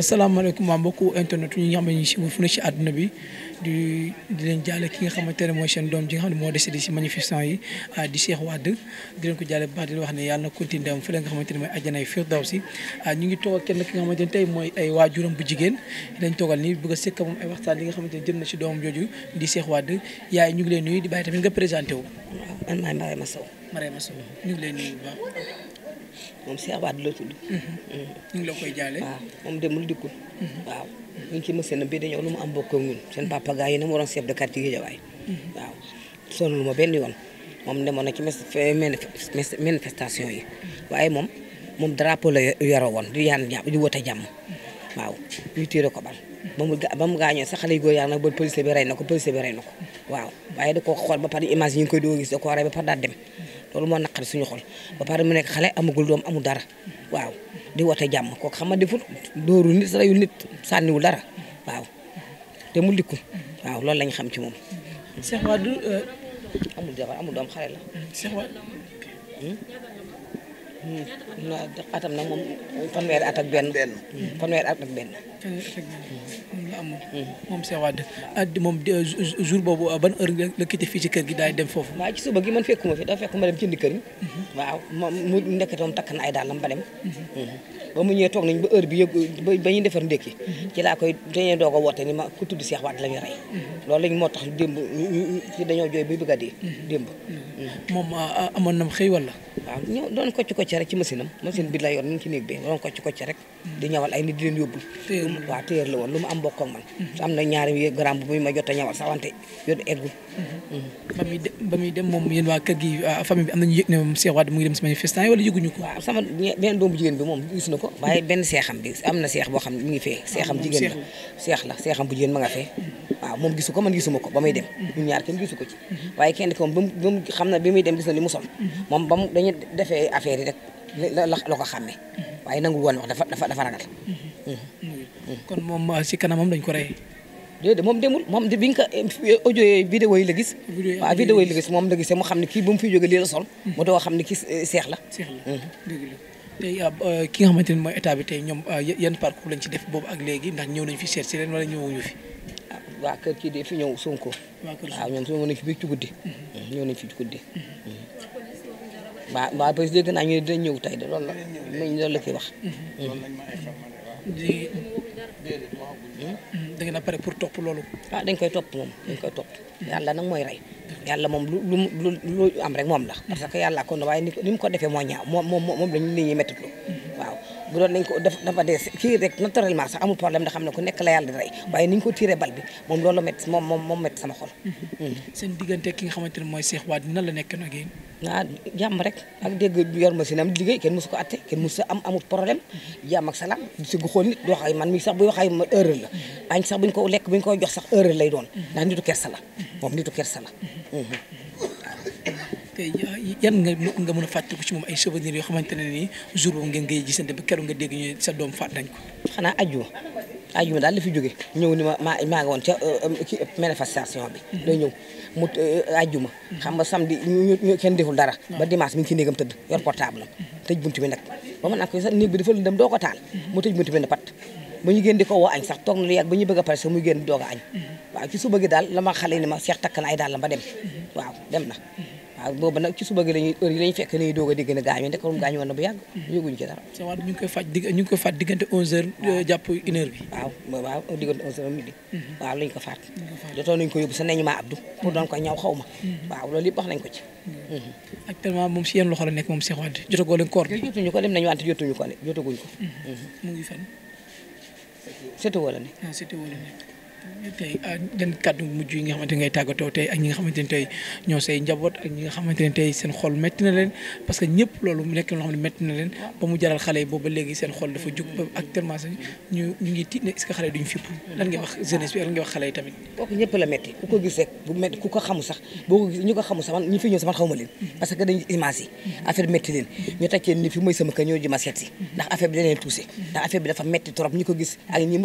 asalaamaaleykum waa mbokku internet ñi nga xam ne ñu ngi fu ne àdduna bi di di leen ki nga xamante ne mooy seen doom ji nga xam ne moo décédé si manifestant yi ah, di Cheikh Wade di leen ko jaale baax di leen wax ne yàlla na continué dem fële nga xamante ne mooy àjjanay Firdawsi ah, ñu ngi tey mooy ay waajuram bu jigéen dañ toogal nii bëgg sekk moom ay waxtaan li nga xamante ne jëm na si doomam jooju di Cheikh Wade yaay ñu ngi leen nuyu di bàyyi tamit nga présenté wu. man maay Marème Sow. Marème Sow ñu ngi leen nuyu bu moom Cheikh Wade la tudd. Mm-hmm. ñu la koy jaale. waaw moom demul dikkul. Mm-hmm. waaw ñu ngi ci machine bi dañoo lu mu am bokk ak ñun seen papa gars yi ne mu waroon de quartier Guédiawaye. Mm-hmm. waaw sonal ma benn yoon moom demoon na ci manifestation yi waaye moom moom drapeau la yoro woon di yaan jàmm di wote jàmm waaw ñu tiire ko bal ba mu gaañoo sax xale yu góor yaa nag ba police bi rey na ko police bi rey na waaw waaye da koo xool ba pare image yi ñu ngi koy doo gis da koo rey ba pare daal dem. loolu moo naqari suñu xol ba pare mu nekk xale amagul doom amu dara waaw di wote jàmm kooku xam nga deful dóoru ni reyul nit sànniwul dara waaw te mu likkul waaw loolu lañ xam ci moom. Cheikh Wade euh, amul jabar amul doom xale la. Hmm. atam nag moom fanweeri at ak benn. fanweeri at ak benn. moom la amoon. Hmm. moom Cheikh Wade at euh, jour boobu euh, ban heure la quitté fii ci kër gi daay dem foofu. waaw ci suba gi man fekkuma fi dafa fekk ma dem jëndi hmm. waaw moom mu nekk moom takk na ay dàllam ba dem. ba mu ñëwee toog nañ ba heure bi yëg ba ñuy defar ndékki ci laa koy dañee doog a woote ni ma ku tudd Cheikh Wade la ñu rey loolu lañ moo tax démb ci dañoo jooy bi bëgg a dee démb moom ah, ah, amoon nam xëy wala waaw ñëw doon kocc kocc rek ci machine am bi la yor ñu ci néeg bi doon kocc kocc rek di ñawal ay nit di leen yóbbul waaw téer la woon lu mu am bokk ak man mhm. am na ñaari gramme bu muy ma jot a ñawal sax wante yot eggul mhm. Mhm. ba muy dem moom yéen waa kër gi euh, famille bi am nañu yëg ne moom Cheikh Wade mu ngi dem si manifestant yi wala yëguñu ko waaw sama benn na ko waaye benn seexam bi am seex boo xam ne mi ngi fee ah, seexam jigéen la seex la seexam bu jigéen ma nga fee waaw moom gisu ko man gisuma ko ba muy dem ñun ñaar kenn gisu ko ci mhm. waaye kenn ki moom ba mu xam bi muy dem gis na li mu mhm. moom ba mu dañu defee affaire yi rek la la ko xàmmee mhm. waaye nangu woon wax dafa dafa dafa ragal kon moom euh, si kanamam dañ ko rey déedéet moom demul moom bi nga ko audio yi la gis waaw vidéo yi la gis moom la gisee mu xam ne kii ba mu fiy jóge lii la sol mu doo xam ne kii eh, seex la mm-hmm. ah, eh, ki nga xamante ne mooy état bi te ñoom ah, yan parcours lañ ci def boobu ak léegi ndax ñëw nañ fi seet si leen wala ñëwuñu fi ah, waa kër kii de fi ñëw Sonko waaw ñoom ñëw nañ fi biig ci guddi mm-hmm. Mm-hmm, ñëw nañ fi ci guddi waa waa parce que dégg naa ñu dinañ ñëw tey de lool la loolu la koy wax di hmm, da ngeen a pare pour topp loolu. waaw ah, dañ koy topp moom dañ koy topp yàlla nag mooy rey yàlla moom lu lu lu am rek moom la. parce que yàlla kon waaye ni mu ko defee moo ñaaw moom moom moom lañu nit ñi métti waaw. bu doon nañ ko dafa dee kii rek naturellement sax amul problème da xam ne ku nekk la yàlla di rey waaye ni ñu ko tiré bal bi moom loolu métti moom moom moom métti sama mm-hmm. ki nga xamante ne mooy Cheikh Wade nan la nekk nag ah, rek ak dégg yor machine am liggéey kenn mosu kenn mosu am amul problème mm-hmm. jàmm ak salaam du si gu xool nit du ay man mi sax buy wax ay ma heure la mm-hmm. añ sax buñ ko lekk buñ jox sax lay doon ndax nitu kersa la moom nitu kersa la. tey yan nga nga mën a fàttaliku ci moom ay souvenirs yoo xamante ne nii jour boobu ngeen ngay gisante ba keroog nga dégg ñu sa doom faat nañ ko. xanaa ajjuma ajjuma daal la ma maa euh, euh, ci manifestation bi. Mhm. day ñëw mu euh, ajjuma. Mhm. xam nga samedi ñu ñu kenn deful dara. ba dimanche mi ngi ci néegam tëdd yor portable am. Mhm. tëj buntu bi nag muy génn doog a la ma xale ni ma seex takk na ay daal la ba dem. waaw dem na. waaw boobu nag ci suba gi lañuy heure fekk lañuy doog a dégg ne gaañu ndek moom gaañu na bu yàgg sa waat ñu ngi koy faj digg ñu ngi faat diggante 11h jàpp 1 waaw lañ ko faat jotoon nañ ko yóbbu sa neñ maa abdu pour doon ko ñaw xaw mhm. waaw loolu yëpp wax nañ ko ci mhm. Mhm. actuellement moom si yenn loxo la nekk moom Cheikh Wade jotagoo leen koor jotuñu ko dem nañu wante jotuñu ko ne jotaguñ ko mu ngi tey dan ah, kàddu mujj yi nga xamante ne ngay tàggatoo tey ak ñi nga xamante ne tey ñoo say njaboot ak ñi nga xamante ne tey seen xol métti na leen parce que ñëpp la métti ku ko gis rek bu métti ku ko xamu sax boo ko xamu sax man fi ñëw sax man xawma leen parce que dañu image yi affaire métti leen ñu takkee ni fi mooy sama ñoo jëma seet si ndax affaire bi leen touché ndax affaire bi dafa métti trop ñu ko gis ak ñi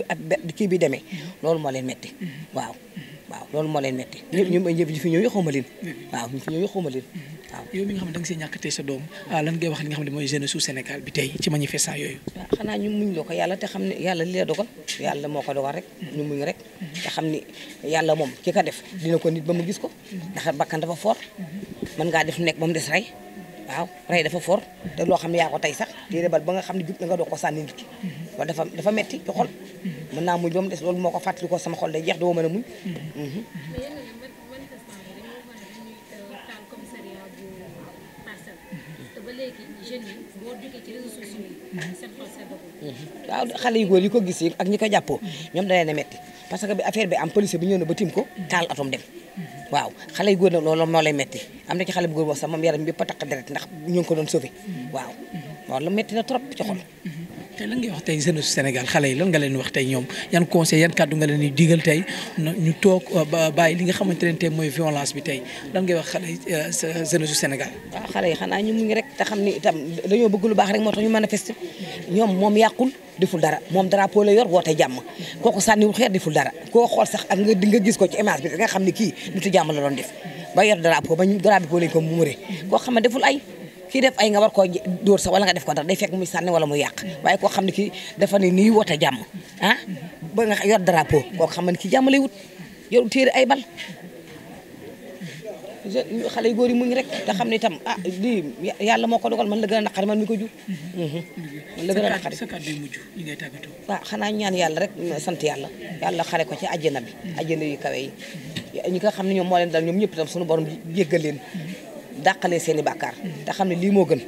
kii bi demee loolu moo leen leen metti waaw waaw loolu moo leen metti ñëpp ñu fi ñëw yoxuma leen waaw ñu fi ñëw yoxuma waaw yow mi nga xam ne da nga see ñàkk tey sa doom ah, lan ngay wax li nga xam ne mooy jeune su Sénégal bi tey ci manifestant yooyu waaw ah, xanaa ñu muñ loo ko xam ne yàlla li la dogal yàlla moo ko dogal rek ñu muñ rek te xam ni yàlla moom ki ko def dina ko nit ba mu gis ko ndax bakkan dafa fort mën ngaa def nekk ba mu des rey waaw rey dafa for te loo xam ne yaa ko tey sax di rebal ba nga xam ne jub na nga ko sànni nit ki loolu dafa metti ci xol mën naa muñ ba des loolu moo ko fàttali ko sama xol day jeex doo mën a muñ waaw mm-hmm. xale yu góor yi ko gisee ak ñi ko jàppoo ñoom da leen metti parce que bi affaire bi am police bu ñëw na ba tim ko taal atom dem waaw xale yu góor nag loolu moo lay metti am na ci xale bu góor sax moom yaram bi ba takk deret ndax ñu ko doon sauvé mm-hmm. waaw loolu metti na trop ci xol mm-hmm. tey lan ngay wax tey yi lan nga leen wax tey ñoom yan conseil yan kàddu nga leen di digal tey ñu toog euh, bàyyi li nga xamante ne tey mooy violence bi tey lan ngay wax xale yi euh, jeunesse Sénégal waaw yi xanaa ñu mu ngi rek te xam ni itam dañoo bëgg lu baax rek moo tax ñu manifester ñoom moom yàqul deful dara moom dara drapeau la yor woote jàmm kooku sànniwul xeer deful dara koo xool sax ak nga di nga gis ko ci image bi nga xam ne kii nitu jàmm la doon def ba yor drapeau ba ñu drapeau lañ ko muuree koo xam ne deful ay kii def ay nga war koo dóor sa wala nga def ko dara day fekk muy sànni wala muy yàq waaye koo xam ne kii dafa ne nii woote jàmm ah ba nga yor drapeau koo xam ne kii lay wut yor téere ay bal xale yu góor yi muñ rek te xam ne itam ah lii yàlla moo ko dogal man la gën a naqari man mi ko jur mhm. man la gën a naqari waaw ah, xanaa ñaan yàlla rek sant yàlla yàlla xale ko ci àjjana bi mhm. àjjana yu kawe yi ñi nga xam ne ñoom moo leen dal ñoom ñëpp tam suñu borom jéggal leen mhm. dàqalee seen i bàkkaar te xam ne lii moo gën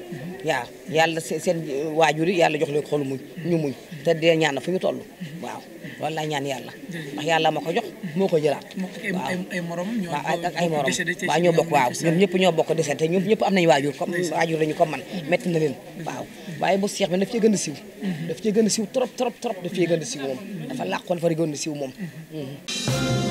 waaw yàlla seen waajur yi yàlla jox leen xolu muñ ñu muñ te dee ñaan fu ñu toll waaw loolu laa ñaan yàlla ndax yàlla ma ko jox moo ko jëlaat waaw ak ay morom waaw ñoo bokk waaw ñoom ñëpp ñoo bokk desee te ñoom ñëpp am nañu waajur comme waajur lañu man métti mm-hmm. na leen mm-hmm. waaw waaye bu seex bi daf cee gën a siiw mm-hmm. daf cee gën a siiw trop trop trop daf cee gën a siiw moom dafa làqoon fa gën a siiw moom